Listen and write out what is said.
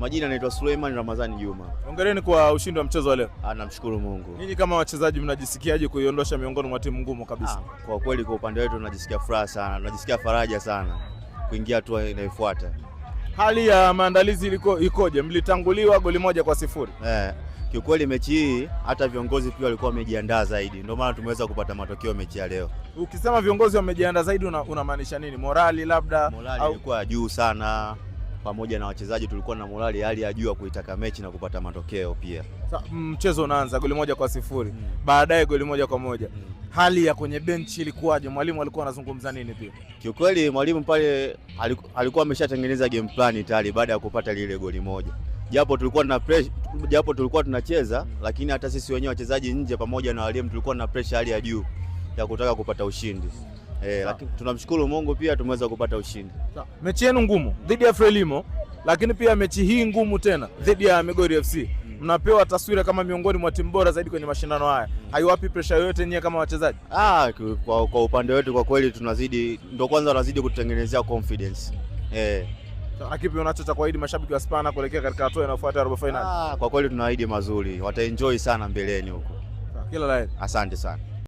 Majina anaitwa Suleiman Ramadhani Juma. Hongereni kwa ushindi wa mchezo wa leo. Ah, namshukuru Mungu. Ninyi kama wachezaji mnajisikiaje kuiondosha miongoni mwa timu ngumu kabisa? Ah, kwa kweli kwa upande wetu tunajisikia furaha sana, tunajisikia faraja sana kuingia hatua inayofuata. Hali ya maandalizi iliko ikoje? Mlitanguliwa goli moja kwa sifuri. Eh, kiukweli mechi hii hata viongozi pia walikuwa wamejiandaa zaidi, ndio maana tumeweza kupata matokeo mechi ya leo. Ukisema viongozi wamejiandaa zaidi unamaanisha nini? Morali labda? Morali au... ilikuwa juu sana pamoja na wachezaji tulikuwa na morali hali ya juu ya kuitaka mechi na kupata matokeo pia. Sa, mm, mchezo unaanza goli moja kwa sifuri hmm. baadaye goli moja kwa moja hmm. hali ya kwenye benchi ilikuwaje? Mwalimu alikuwa anazungumza nini pia? Kiukweli mwalimu pale alikuwa ameshatengeneza game plan tayari baada ya kupata lile goli moja japo tulikuwa tuna pressure, japo tulikuwa tunacheza, mm. lakini hata sisi wenyewe wachezaji nje pamoja na walimu tulikuwa na pressure hali ya juu ya kutaka kupata ushindi. Mm eh, lakini tunamshukuru Mungu pia tumeweza kupata ushindi. Sawa. Mechi yenu ngumu dhidi ya Frelimo, lakini pia mechi hii ngumu tena dhidi ya Migori FC mm. mnapewa taswira kama miongoni mwa timu bora zaidi kwenye mashindano haya, mm. haiwapi pressure yoyote nyie kama wachezaji? Ah, kwa, kwa upande wetu kwa kweli tunazidi, ndo kwanza wanazidi kutengenezea confidence eh. Kipi unacho cha kuahidi mashabiki wa Spana kuelekea katika hatua inayofuata ya robo finali? Ah, kwa kweli tunaahidi mazuri, wataenjoy sana mbeleni huko. Kila la heri, asante sana.